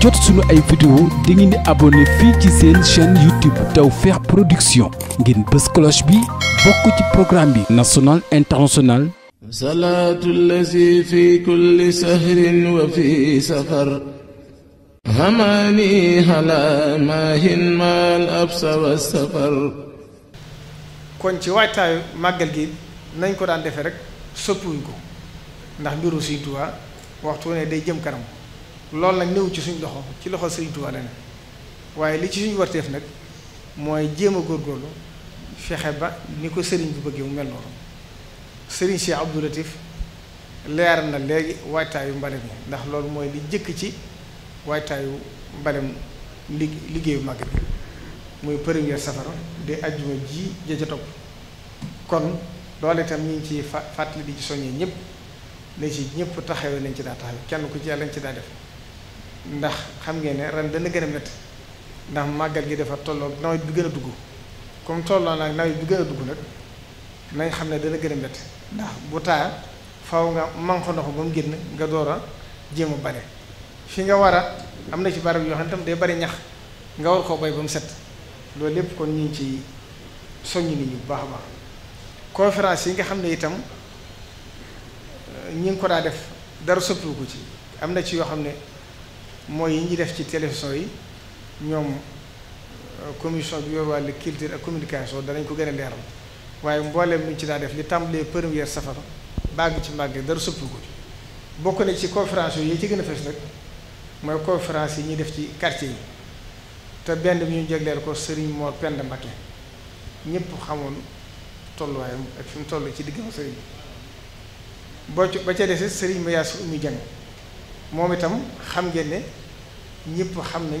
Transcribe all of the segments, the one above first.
jot suñu ay vidéo da ngeen di abonné fii ci seen chaîne YouTube Tawfekh Production ngeen bës cloche bi bokk ci programme bi national international salaatu llazi fi kulli sahrin wa fi safar hamani hala mahin mal absa wa safar kon ci waajtaayu màggal gi nañ ko daan defe rek soppiwuñ ko ndax mbiru Sëriñ waxtu ne day jëm kanam loolu nag néew ci suñ loxo ci loxo Sëriñ Tuubaa na waaye li ci suñ warteef nag mooy jéem a góorgóorlu fexe ba ni ko sëriñ bi bëggee mu mel noonu sëriñ Cheikh Abdou Latif leer na léegi waajtaayu mbalem yi ndax loolu mooy li jëkk ci waajtaayu mbalem li liggéeyu màgg bi muy première safara di ajjuma ji ja ca topp kon loolu itam ñu ngi ciy fàttali di ci soññee ñëpp ne ci ñëpp taxawee nañ ci daa taxawee kenn ku ci yàlla nañ ci daa def ndax xam ngeen ne ren dana gën a ndax màggal gi dafa tollook nawet bi gën a dugg comme tolloo naa nawet bi gën a dugg nag nañ xam ne dana gën a ndax bu taa faw nga manqué ndox ba mu génn nga door a jéem a bare fi nga war a am na ci barab yoo xam ne tam day bari ñax nga war koo bay ba mu set loolu lépp kon ñu ngi ci soññ nit ñi bu baax a baax conférence yi nga xam ne itam euh, ñi ngi ko daa def dara soppiwu ko ci am na ci yoo xam ne mooy yi ñuy def ci télévision yi ñoom euh, commission bi yor wàllu culture ak communication danañ ko gën a leeral waaye mbooleem ñu ci daa def li tàmbalee première safara bàgg ci màgg dara sëpp ko bokk na ci conférence yi ci gën a fes nag mooy conférence yi ñuy def ci quartier yi te benn bi ñu jagleel ko Serigne moo Penda Mbacké ñëpp xamoon tolluwaayam ak fi mu toll ci diggam Serigne boo ci ba ca des Serigne Mayaas Oumy Dieng moom itam xam ngeen ñépp xam nañ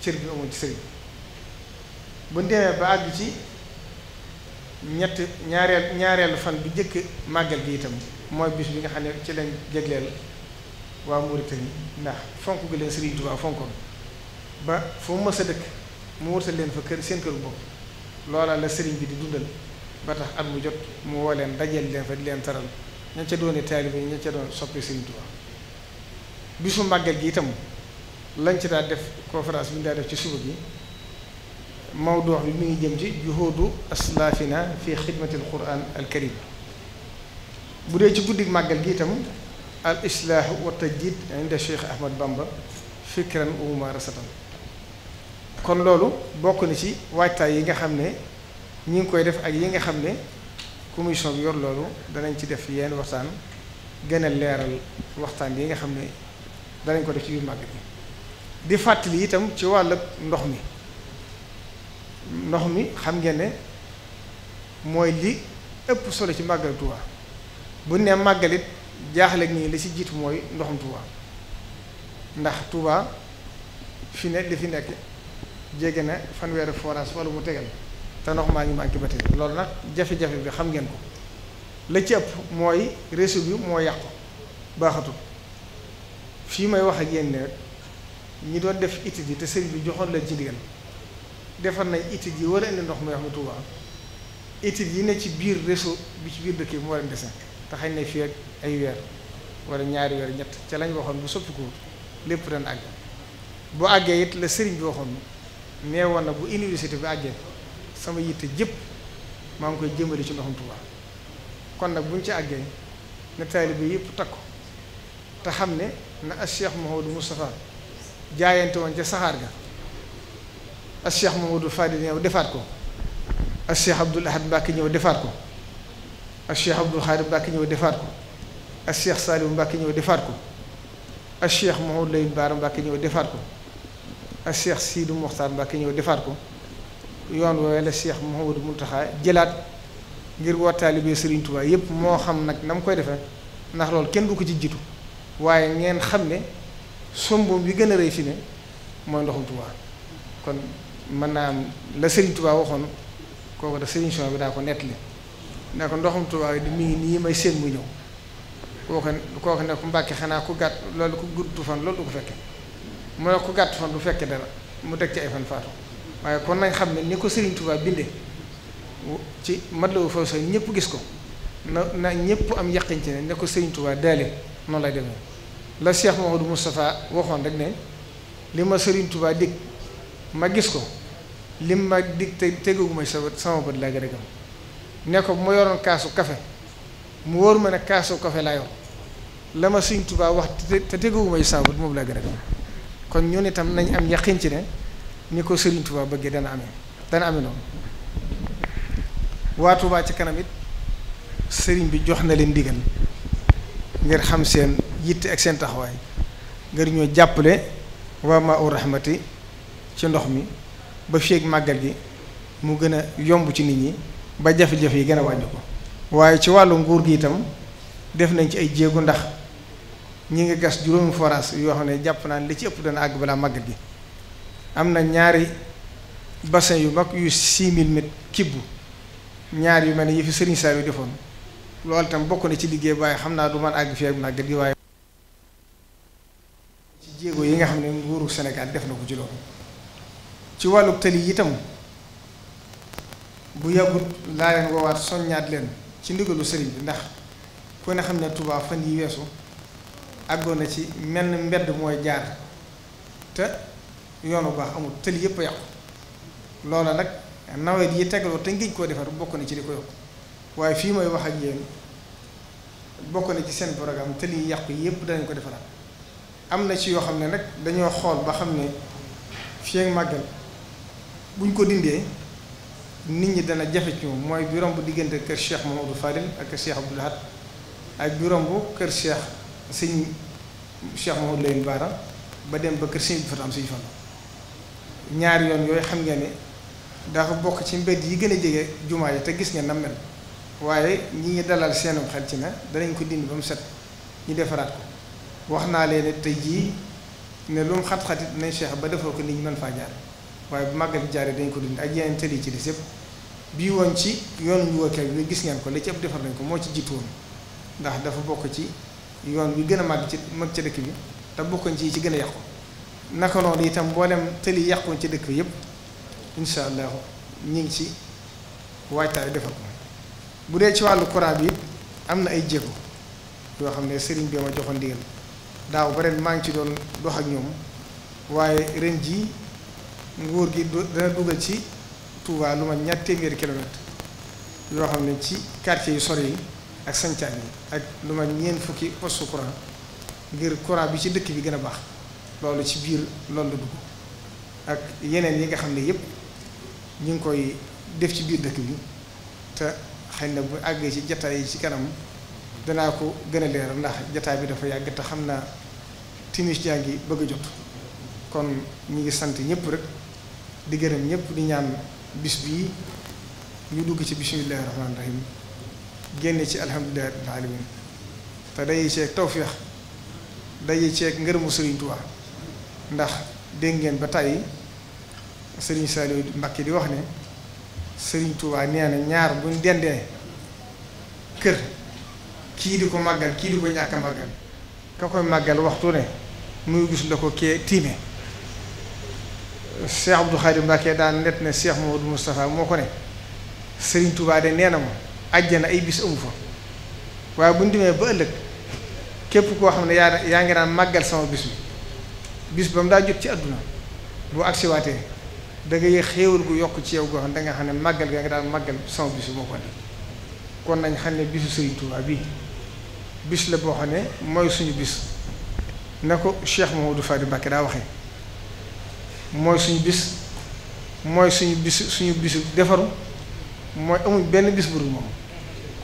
cër bi amoon ci sëriñ bu demee ba àgg ci ñett ñaareel ñaareelu fan bi jëkk màggal gi itam mooy bis bi nga xam ne ci lañ jégleel waa Mauritanie ndax fonk gi leen Sëriñ ba fu mu mu wërtal leen fa kër seen kër bopp loola la sëriñ bi di dundal ba tax at mu jot mu woo leen dajeel leen fa leen taral ña ca doone taalibe ña ca doon soppi Sëriñ bisu màggal gi itam lañ ci daal def conférence bi ñu daal def ci suba gi mawdu bi mi ngi jëm ci juhudu aslafina fi xidmati al quran al karim bu dee ci guddig màggal gi itam al islaahu wa tajdid inda cheikh ahmad bamba fikran wa mumarasatan kon loolu bokk na ci waajtaay yi nga xam ne ñi ngi koy def ak yi nga xam ne commission bi yor loolu danañ ci def yenn waxtaan gën a leeral waxtaan yi nga xam ne danañ ko def ci biir màggal gi di fàttali itam ci wàll ndox mi ndox mi xam ngeen ne mooy li ëpp solo ci màggal Tuuba bu ne màggalit jaaxle nii li ci jiitu mooy ndoxum Tuuba ndax Tuuba fi ne li fi nekk jege na fanweeri forage wala mu tegal te ndox maa ngi manqué ba tey loolu nag jafe-jafe bi xam ngeen ko la ci ëpp mooy réseau bi moo yàqu baaxatul fi may wax ak yéen rek ñi doon def étude yi te sëriñ bi joxoon leen ci ndigal defar nañ étude yi war a indi ndox mu wax mu Tuuba étude yi ne ci biir réseau bi ci biir dëkk yi moo leen dese te xañ na fii ak ay weer wala ñaari weer ñett ca lañ waxoon bu soppi ko lépp ren àgg bu àggee it la sëriñ bi waxoon nee woon na bu université bi àggee sama yitte jëpp maa ngi koy jëmale ci ndoxum Tuuba kon nag buñ ci àggee na taalibe yëpp takku te xam ne na as Cheikh Mouhamadou Moustapha jaayante woon ca saxaar ga ak Cheikh Mamadou Fadil ñëw defaat ko ak Cheikh Abdoul Ahad Mbacke ñëw defaat ko ak Cheikh Abdoul Khadr Mbacke ñëw defaat ko ak Cheikh Saliou Mbacke ñëw defaat ko ak Cheikh Mamadou Lamine Bara ñëw defaat ko ak Cheikh Sidou Mokhtar Mbacke ñëw defaat ko yoon woowee la Cheikh Mamadou jëlaat ngir woo taalibe Serigne Touba yépp moo xam nag na mu koy defee ndax loolu kenn du ko ci jiitu waaye ngeen xam ne. somboom bi gën a rëy fi ne mooy ndoxum Tuubaa kon mën naa am la Serigne Touba waxoon kooku da Serigne Souhaïbou bi daa ko nettali ne ko ndoxum Tuubaa yi di mi ngi nii may seen mu ñëw kooko kooku kooku ne ko Mbàkke xanaa ko gàtt loolu ku gudd fan loolu du ko fekke mu ne ku gàtt fan du fekke dara mu teg ci ay fan faatu waaye kon nañ xam ne ni ko Serigne Touba bindee ci Matlaboul Fawzayni ñëpp gis ko na na ñëpp am yaqin ci ne ne ko Serigne Touba daale noonu lay deme la Cheikh Mamadou Moustapha waxoon rek ne li ma sëriñ Touba dig ma gis ko li ma dig te tegaguma sa sama bët laa gën a ne ko bu ma kaasu kafe mu wóor ma ne kaasu kafe laa yor wax te tegaguma sa sama bët gën a gëm kon ñun itam nañ am yaqin ci ne ni ko Serigne Touba bëggee dana amee dana amee noonu waa Touba ci kanam it sëriñ bi jox na leen ndigal ngir xam seen. yitte ak seen taxawaay ngir ñoo jàppale waa ma u rahmati ci ndox mi ba feeg màggal gi mu gën a yomb ci nit ñi ba jafe-jafe yi gën a wàññi ko waaye ci wàllu nguur gi itam def nañ ci ay jéegu ndax ñi ngi gas juróomi forage yoo xam ne jàpp naa ne li ci ëpp dana àgg balaa màggal gi am na ñaari bassin yu mag yu six mille mètres kibbu ñaar yu mel ne yi fi Serigne Saliou defoon loolu tam bokk na ci liggéey waaye xam naa du man àgg fi ak màggal gi waaye jéego yi nga xam ne nguuru Sénégal def na ko ci loolu ci wàllu tëli itam bu yàggut laa leen woowaat soññaat leen ci ndigalu sëriñ bi ndax ku ne xam ne Touba fan yi weesu àggoon na ci menn mbedd mooy jaar te yoonu baax amul tëli yëpp a yàqu loola nag nawet yi tegaloo te ngéej koo defar bokk na ci di ko yokk waaye fii mooy wax ak yéen bokk ne ci seen programme tëli yi yàqu yëpp danañ ko defaraat am na ci yoo xam ne nag dañoo xool ba xam ne fii ak màggal buñ ko dindee nit ñi dana jafe ci moom mooy bureau bu diggante kër Cheikh Mamadou Fadil ak kër Cheikh Abdoul Ahad ak bureau bu kër Cheikh sëñ Cheikh Mamadou Lamine Bara ba dem ba kër sëñ bi fa am sëñ fan ñaari yoon yooy xam nga ni dafa bokk ci mbedd yi gën a jege jumaa yi te gis nga nam mel waaye ñi ngi dalal seenum xel ci na danañ ko dindi ba mu set ñu defaraat wax naa leen ne tey jii ne lu mu xat-xatit nañ Cheikh ba defoo ko nit ñi mën faa jaar waaye bu màggal jaaree dañ ko dund ak yeneen tëli ci des yëpp bii woon ci yoon wi wokkee bi gis ngeen ko li ci ëpp defar nañ ko moo ci jiitu woon ndax dafa bokk ci yoon bi gën a màgg ci mag ci dëkk bi te bokkoon ci yi ci gën a yàqu naka noonu itam boo mboolem tëli yàquwoon ci dëkk bi yëpp incha allah ñu ngi ci waajtaay defar ko bu dee ci wàllu courant bi am na ay jéego yoo xam ne sëriñ bi ma joxoon ndigal. daaw ba ren maa ngi ci doon dox ak ñoom waaye ren jii nguur gi dana dugal ci Touba lu ma ñaar téeméeri kilomètre yoo xam ne ci quartier yu sori yi ak sancaan yi ak lu ma ñeent fukki poste courant ngir courant bi ci dëkk bi gën a baax loolu ci biir loolu dugg ak yeneen yi nga xam ne yépp ñu ngi koy def ci biir dëkk bi te xëy na bu àggee ci jataay yi ci kanam danaa ko gën leeral ndax jataay bi dafa yàgg te xam naa timis jaa ngi bëgg a jot kon ñu ngi sant ñëpp rek di gërëm ñëpp di ñaan bis bii ñu dugg ci bismillahi rahmaani rahim génne ci alhamdulillahi rabbil alamin te daje ceeg tawféex daje ceeg ngërëmu Serigne Touba ndax dégg ngeen ba tàyyi Serigne Saliou Mbacké di wax ne sëriñ Touba nee na ñaar buñ dendee kër. kii di ko màggal kii di ko ñàkk màggal ka koy màggal waxtu ne muy gis la ko kee tiime Cheikh Abdou Khadim Mbacké daan net ne Cheikh Mamadou Moustapha moo ko ne Serigne Touba de nee na ma àjjana ay bis amu fa waaye bu ñu demee ba ëllëg képp koo xam ne yaa yaa ngi daan màggal sama bis bi bis ba mu daa jot ci àdduna boo agsiwaatee da ngay xéewal gu yokk ci yow goo xam da nga xam ne màggal gaa nga daan màggal sama bis bi moo ko kon nañ xam ne bisu Serigne Touba bii bis la boo xam ne mooy suñu bis na ko Cheikh Mamadou Fadi Mbacké daa waxee mooy suñu bis mooy suñu bis suñu bisu defaru mooy amuñ benn bis bu dul moom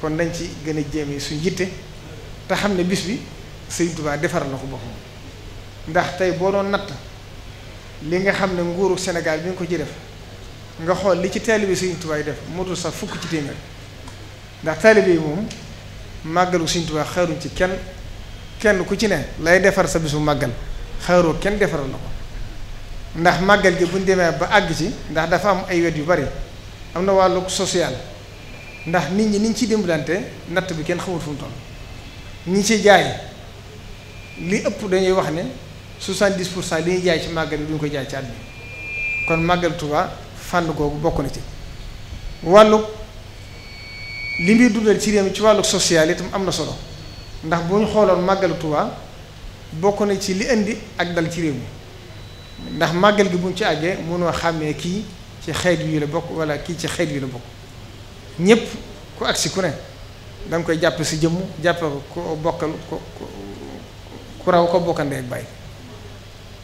kon dañ ci gën a jéeme suñ yitte te xam ne bis bi Sëriñ Tuubaa defar na ko boppam ndax tey boo doon natt li nga xam ne nguuru Sénégal bi nga ko ci def nga xool li ci taalibe Sëriñ Tuubaa yi def motul sax fukk ci téeméer ndax taalibe yi moom màggalu Sëriñ Tuubaa xaaruñ ci kenn kenn ku ci ne lay defar sa bisu màggal xaaroo kenn defaral na ko ndax màggal gi buñ demee ba àgg ci ndax dafa am ay wet yu bari am na wàllu social ndax nit ñi niñ ci dimbalante natt bi kenn xamul fu mu toll ñi ci jaay li ëpp dañuy wax ne soixante-dix pour cent li ñuy jaay ci màggal bi duñ ko jaay ci at bi kon màggal Tuubaa fànn googu bokk na ci wàllu li muy dundal ci réew mi ci wàllu social itam am na solo ndax bu ñu xooloon màggalu Tuubaa bokk na ci li indi ak dal ci réew mi ndax màggal gi bu ñu ci àggee mënoo xàmmee kii ci xeet yii la bokk wala kii ci xeet wi la bokk ñépp ku agsi ku ne da koy jàpp si jëmm jàpp ko bokkal ko ku raw ko bokkandee ak bàyyi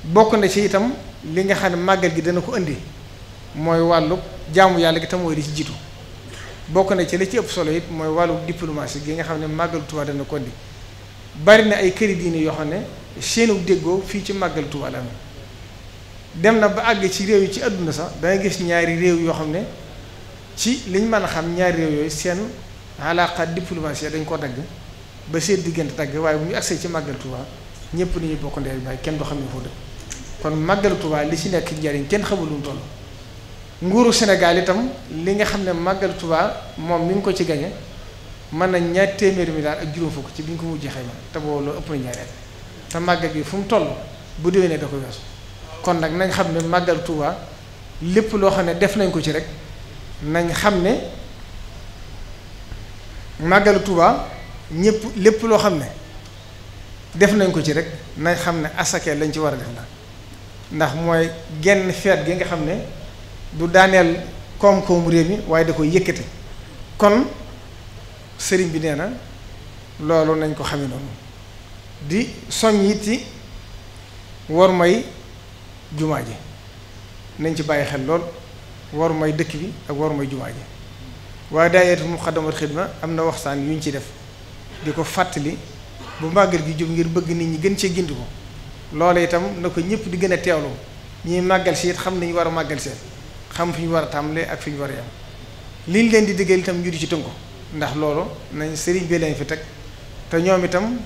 bokk na ci itam li nga xam ne màggal gi dana ko indi mooy wàllu jaamu yàlla gi tam mooy di ci jiitu bokk na ci li ci ëpp solo it mooy wàllu diplomatie gi nga xam ne màggal Tuubaa dana ko indi bari na ay këri diine yoo xam ne seenu déggoo fii ci màggal Tuubaa la dem na ba àgg ci réew yi ci àdduna sax danga gis ñaari réew yoo xam ne ci liñ mën a xam ñaari réew yooyu seen alaaqa diplomatie dañ ko dagg ba seen diggante dagg waaye bu ñu agsee ci màggal Tuubaa ñëpp nañu bokk ndey baay kenn du xam ne kon màggal Tuubaa li si nekk njariñ kenn xamul lu nguuru Sénégal itam li nga xam ne màggal tubaa moom mi ngi ko ci gañe mën na ñaar téeméeri milliard ak juróom fukk ci bi ñu ko mujjee xayma te boobu loolu ëpp na ñaari at te fu mu toll bu déwénee da ko kon nag nañ xam ne màggal Touba lépp loo xam ne def nañ ko ci rek nañ xam ne màggal Touba ñëpp lépp loo xam ne def nañ ko ci rek nañ xam ne asake lañ ci war a def la ndax mooy genn feet gi nga xam ne du daaneel koom-koomu réew mi waaye da koy yëkkati kon sëriñ bi nee na loolu nañ ko xamee noonu di soñ yi ci war may jumaa ji nañ ci bàyyi xel lool war may dëkk bi ak war may jumaa ji waaye mu daayatu muqaddamat xidma am na waxtaan yu ñu ci def di ko fàttali bu màggal gi jub ngir bëgg nit ñi gën cee gindi ko loolu itam na ko ñëpp di gën a teewlu ñuy màggal si it xam nañu war a màggal seen xam fi ñu war a tàmbalee ak fi ñu war a yem liñ leen di digal itam ñu di ci ko ndax loolu nañ sëriñ bi leen fi teg te ñoom itam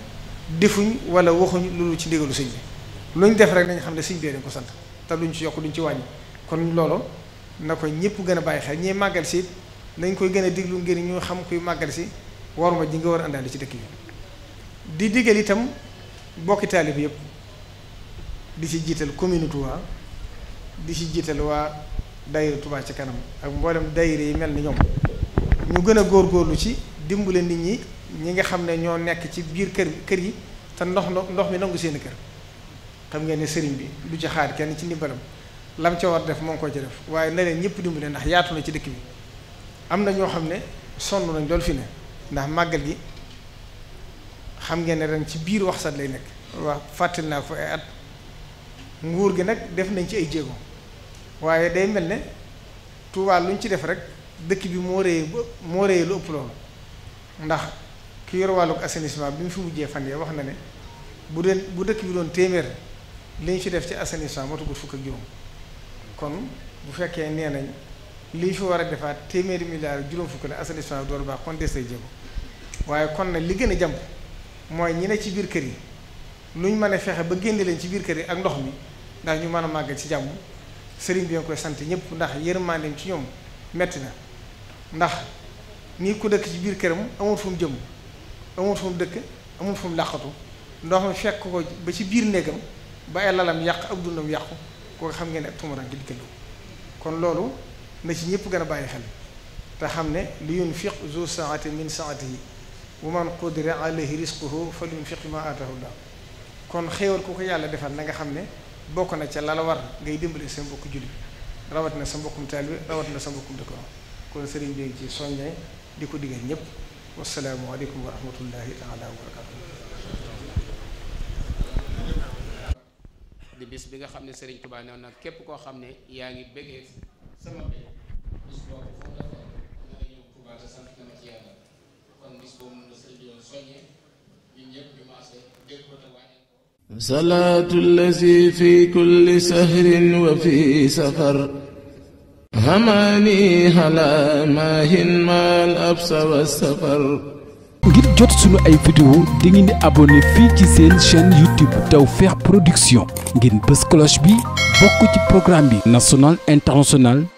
difuñ wala waxuñ lu loolu ci ndigalu sëñ bi luñ def rek nañ xam ne sëñ bi leen ko sant te luñ ci yokk duñ ci wàññi kon loolu na ko ñëpp gën a bàyyi xel ñiy màggal si nañ koy gën a diglu ngir ñu xam kuy màggal si waruma ji nga war a àndaale ci dëkk bi di digal itam bokki taalib yëpp di ci jiital commune Touba ci jiital waa. daayira Touba ci kanam ak mboolem dayre yi mel ni ñoom ñu gën a góor góorlu ci dimbale nit ñi ñi nga xam ne ñoo nekk ci biir kër kër yi te ndox ndox mi nangu seen kër xam ngeen ne sëriñ bi du jaxaar kenn ci ndimbalam lam ca war def moo ngi ko ci waaye na leen ñëpp dimbale ndax yaatu na ci dëkk bi am na ñoo xam ne sonn nañ dool fi ne ndax màggal gi xam ngeen ne ren ci biir wax sat lay nekk wax fàttali naa ko ay at nguur gi nag def nañ ci ay jéego. waaye day mel ne Touba lu ñu ci def rek dëkk bi moo rëy ba moo rëy lu ëpp loolu ndax ki yor wàllug assainissement bi mu fi mujjee fan yee wax na ne bu dee bu dëkk bi doon téeméer li ñu fi def ci assainissement motugul fukk ak kon bu fekkee nee nañ li ñu war a defaat téeméeri milliards juróom fukk la assainissement door baax kon des na jéego waaye kon nag li gën a jàmp mooy ñi ne ci biir kër yi lu ñu mën a fexe ba génne leen ci biir kër yi ak ndox mi ndax ñu mën a màggal ci jàmm. sëriñ bi nga koy sant ñëpp ndax yërmandeem ci ñoom metti na ndax nii ku dëkk ci biir këram amul fu mu jëm amul fu mu dëkk amul fu mu làqatu ndox mi fekk ko ba ci biir néegam ba ay lalam yàq ab dundam yàqu koo xam ngeen ne ak tumuraanke kon loolu na ci ñëpp gën a bàyyi xel te xam ne li yunfiq zu saati min saatihi wa man qudira alayhi risquhu fal yunfiq ma aatahu llah kon xéewal ku ko yàlla defal na nga xam ne bokk na ca la la war ngay dimbale sa mbokku jullit rawat na sa mbokkum taalibe rawat na sa mbokkum dëkkoo kon sëriñ bi ci soññee di ko digal ñëpp wasalaamu aleykum wa rahmatullahi bi nga xam ne sëriñ Tuubaa nee nag képp koo xam ne yaa ngi bëggee soññee ñun ñëpp ñu maase dégg ko te waay salaatu allazi fi kulli sahrin wa fi safar hamaani ala maahin maal absa wa safar ngir jot sunu ay vidéo di ngeen di abonné fii ci seen chaîne YouTube Tawfekh Production ngeen bës cloche bi bokk ci programme bi national international